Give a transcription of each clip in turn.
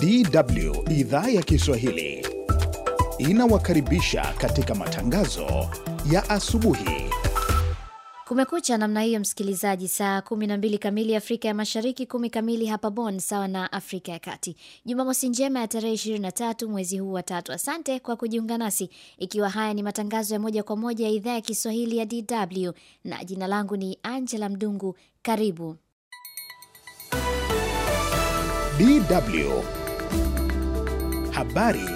DW idhaa ya Kiswahili inawakaribisha katika matangazo ya asubuhi. Kumekucha namna hiyo, msikilizaji, saa 12 kamili Afrika ya Mashariki, kumi kamili hapa Bonn, sawa na Afrika ya Kati. Jumamosi njema ya tarehe 23 mwezi huu wa tatu. Asante kwa kujiunga nasi, ikiwa haya ni matangazo ya moja kwa moja ya idhaa ya Kiswahili ya DW, na jina langu ni Angela Mdungu. Karibu DW habari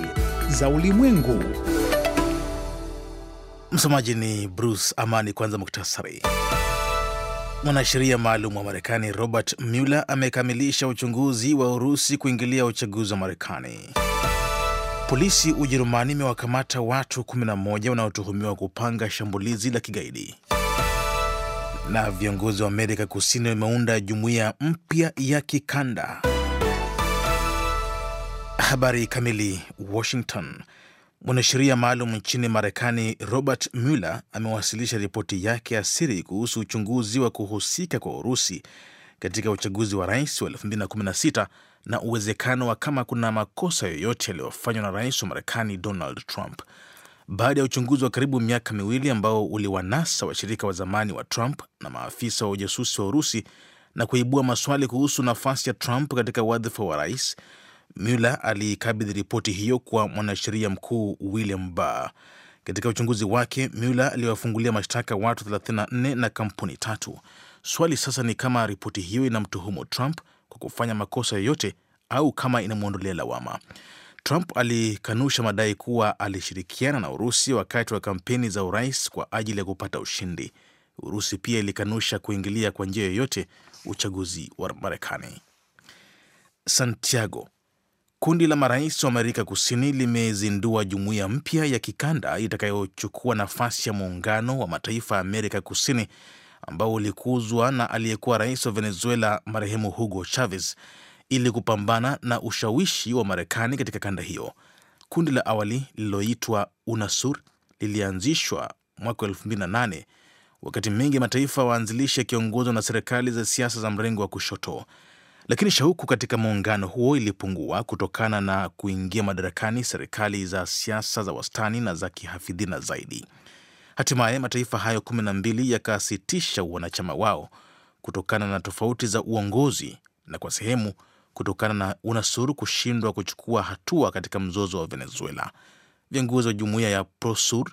za ulimwengu. Msomaji ni Bruce Amani. Kwanza muktasari. Mwanasheria maalum wa Marekani Robert Mueller amekamilisha uchunguzi wa Urusi kuingilia uchaguzi wa Marekani. Polisi Ujerumani imewakamata watu 11 wanaotuhumiwa kupanga shambulizi la kigaidi. Na viongozi wa Amerika Kusini wameunda jumuiya mpya ya kikanda. Habari kamili. Washington. Mwanasheria maalum nchini Marekani Robert Mueller amewasilisha ripoti yake ya siri kuhusu uchunguzi wa kuhusika kwa Urusi katika uchaguzi wa rais wa 2016 na uwezekano wa kama kuna makosa yoyote yaliyofanywa na rais wa Marekani Donald Trump. Baada ya uchunguzi wa karibu miaka miwili ambao uliwanasa washirika wa zamani wa Trump na maafisa wa ujasusi wa Urusi na kuibua maswali kuhusu nafasi ya Trump katika wadhifa wa rais, Mueller aliikabidhi ripoti hiyo kwa mwanasheria mkuu William Barr. Katika uchunguzi wake, Mueller aliwafungulia mashtaka watu 34 na kampuni tatu. Swali sasa ni kama ripoti hiyo inamtuhumu Trump kwa kufanya makosa yoyote au kama inamwondolea lawama. Trump alikanusha madai kuwa alishirikiana na Urusi wakati wa kampeni za urais kwa ajili ya kupata ushindi. Urusi pia ilikanusha kuingilia kwa njia yoyote uchaguzi wa Marekani. Santiago Kundi la marais wa Amerika Kusini limezindua jumuiya mpya ya kikanda itakayochukua nafasi ya muungano wa mataifa ya Amerika Kusini ambao ulikuzwa na aliyekuwa rais wa Venezuela marehemu Hugo Chavez ili kupambana na ushawishi wa Marekani katika kanda hiyo. Kundi la awali lililoitwa UNASUR lilianzishwa mwaka 2008 wakati mengi mataifa waanzilishi yakiongozwa na serikali za siasa za mrengo wa kushoto. Lakini shauku katika muungano huo ilipungua kutokana na kuingia madarakani serikali za siasa za wastani na za kihafidhina zaidi. Hatimaye mataifa hayo kumi na mbili yakasitisha wanachama wao kutokana na tofauti za uongozi na kwa sehemu kutokana na unasuru kushindwa kuchukua hatua katika mzozo wa Venezuela. Viongozi wa jumuiya ya Prosur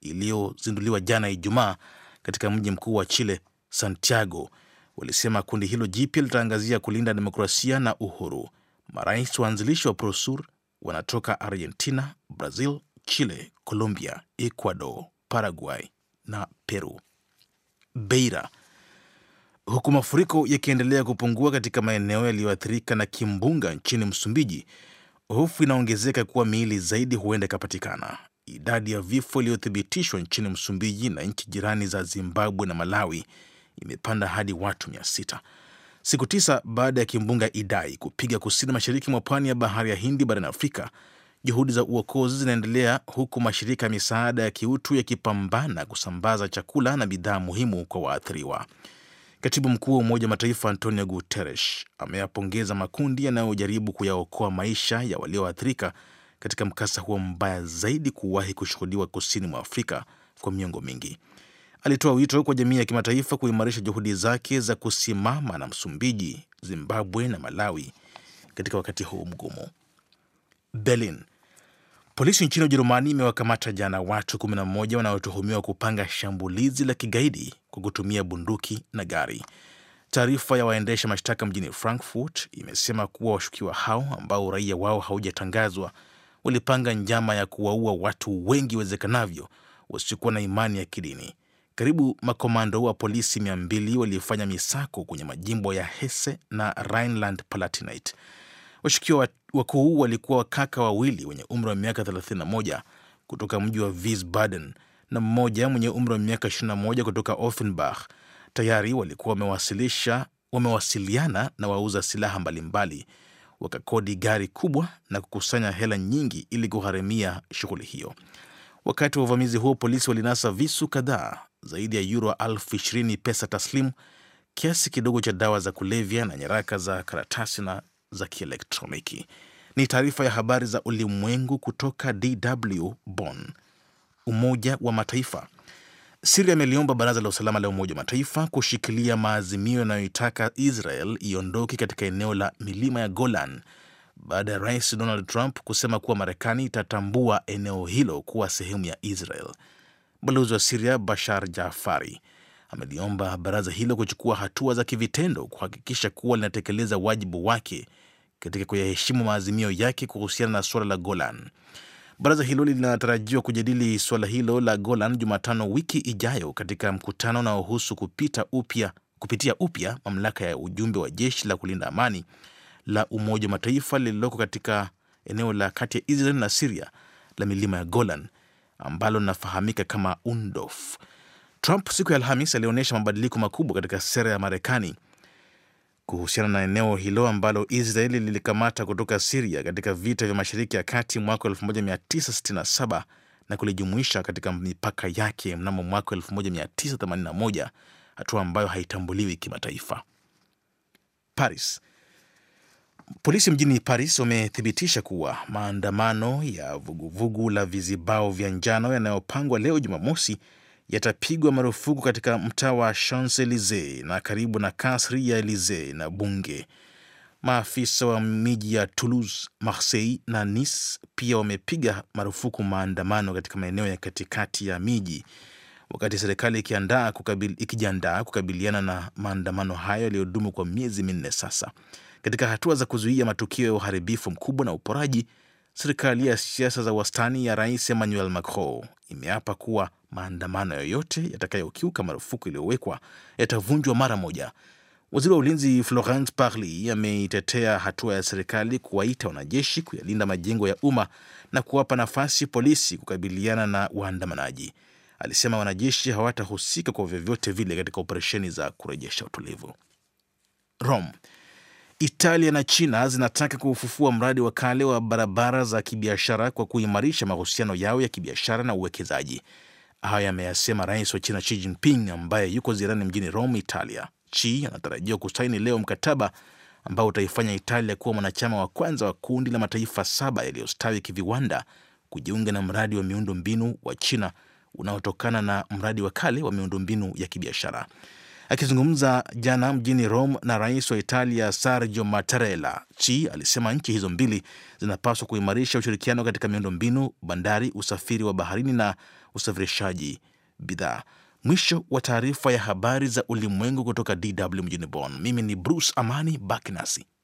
iliyozinduliwa jana Ijumaa katika mji mkuu wa Chile, Santiago walisema kundi hilo jipya litaangazia kulinda demokrasia na uhuru. Marais waanzilishi wa Prosur wanatoka Argentina, Brazil, Chile, Colombia, Ecuador, Paraguay na Peru. Beira, huku mafuriko yakiendelea kupungua katika maeneo yaliyoathirika na kimbunga nchini Msumbiji, hofu inaongezeka kuwa miili zaidi huenda ikapatikana. Idadi ya vifo iliyothibitishwa nchini Msumbiji na nchi jirani za Zimbabwe na Malawi imepanda hadi watu mia sita siku tisa baada ya kimbunga Idai kupiga kusini mashariki mwa pwani ya bahari ya Hindi barani Afrika. Juhudi za uokozi zinaendelea huku mashirika ya misaada ya kiutu yakipambana kusambaza chakula na bidhaa muhimu kwa waathiriwa. Katibu mkuu wa Umoja wa Mataifa Antonio guteres ameyapongeza makundi yanayojaribu kuyaokoa maisha ya walioathirika katika mkasa huo mbaya zaidi kuwahi kushuhudiwa kusini mwa Afrika kwa miongo mingi alitoa wito kwa jamii ya kimataifa kuimarisha juhudi zake za kusimama na Msumbiji, Zimbabwe na Malawi katika wakati huu mgumu. Berlin. Polisi nchini Ujerumani imewakamata jana watu 11 wanaotuhumiwa kupanga shambulizi la kigaidi kwa kutumia bunduki na gari. Taarifa ya waendesha mashtaka mjini Frankfurt imesema kuwa washukiwa hao ambao uraia wao haujatangazwa walipanga njama ya kuwaua watu wengi iwezekanavyo wasiokuwa na imani ya kidini. Karibu makomando wa polisi 200 waliofanya misako kwenye majimbo ya Hesse na Rhineland-Palatinate. Washukiwa wakuu walikuwa wakaka wawili wenye umri wa miaka 31 kutoka mji wa Wiesbaden na mmoja mwenye umri wa miaka 21 kutoka Offenbach. Tayari walikuwa wamewasilisha wamewasiliana na wauza silaha mbalimbali, wakakodi gari kubwa na kukusanya hela nyingi ili kugharimia shughuli hiyo. Wakati wa uvamizi huo, polisi walinasa visu kadhaa, zaidi ya euro elfu ishirini pesa taslimu, kiasi kidogo cha dawa za kulevya na nyaraka za karatasi na za kielektroniki. Ni taarifa ya habari za ulimwengu kutoka DW Bonn. Umoja wa Mataifa. Siria ameliomba baraza la usalama la Umoja wa Mataifa kushikilia maazimio yanayoitaka Israel iondoke katika eneo la milima ya Golan baada ya rais Donald Trump kusema kuwa Marekani itatambua eneo hilo kuwa sehemu ya Israel. Balozi wa Siria Bashar Jaafari ameliomba baraza hilo kuchukua hatua za kivitendo kuhakikisha kuwa linatekeleza wajibu wake katika kuyaheshimu maazimio yake kuhusiana na suala la Golan. Baraza hilo linatarajiwa kujadili suala hilo la Golan Jumatano wiki ijayo katika mkutano unaohusu kupita upya kupitia upya mamlaka ya ujumbe wa jeshi la kulinda amani la Umoja wa Mataifa lililoko katika eneo la kati ya Israel na Siria la milima ya Golan ambalo linafahamika kama UNDOF. Trump siku ya Alhamis alionyesha mabadiliko makubwa katika sera ya Marekani kuhusiana na eneo hilo ambalo Israeli lilikamata kutoka Siria katika vita vya Mashariki ya Kati mwaka 1967 na kulijumuisha katika mipaka yake mnamo mwaka 1981, hatua ambayo haitambuliwi kimataifa. Paris Polisi mjini Paris wamethibitisha kuwa maandamano ya vuguvugu vugu la vizibao vya njano yanayopangwa leo Jumamosi yatapigwa marufuku katika mtaa wa Champs Elysees na karibu na kasri ya Elysees na bunge. Maafisa wa miji ya Toulouse, Marseille na Nice pia wamepiga marufuku maandamano katika maeneo ya katikati ya miji, wakati serikali ikijiandaa kukabili, kukabiliana na maandamano hayo yaliyodumu kwa miezi minne sasa. Katika hatua za kuzuia matukio ya uharibifu mkubwa na uporaji, serikali ya siasa za wastani ya Rais Emmanuel Macron imeapa kuwa maandamano yoyote yatakayokiuka marufuku iliyowekwa yatavunjwa mara moja. Waziri wa ulinzi Florence Parly ameitetea hatua ya serikali kuwaita wanajeshi kuyalinda majengo ya umma na kuwapa nafasi polisi kukabiliana na waandamanaji. Alisema wanajeshi hawatahusika kwa vyovyote vile katika operesheni za kurejesha utulivu. Rome. Italia na China zinataka kuufufua mradi wa kale wa barabara za kibiashara kwa kuimarisha mahusiano yao ya kibiashara na uwekezaji. haya ameyasema rais wa China Xi Jinping ambaye yuko ziarani mjini Rome, Italia. Xi anatarajiwa kusaini leo mkataba ambao utaifanya Italia kuwa mwanachama wa kwanza wa kundi la mataifa saba yaliyostawi kiviwanda kujiunga na mradi wa miundo mbinu wa China unaotokana na mradi wa kale wa miundo mbinu ya kibiashara. Akizungumza jana mjini Rome na rais wa Italia Sergio Mattarella, Chi alisema nchi hizo mbili zinapaswa kuimarisha ushirikiano katika miundo mbinu bandari, usafiri wa baharini na usafirishaji bidhaa. Mwisho wa taarifa ya habari za ulimwengu kutoka DW mjini Bonn. Mimi ni Bruce Amani, baki nasi.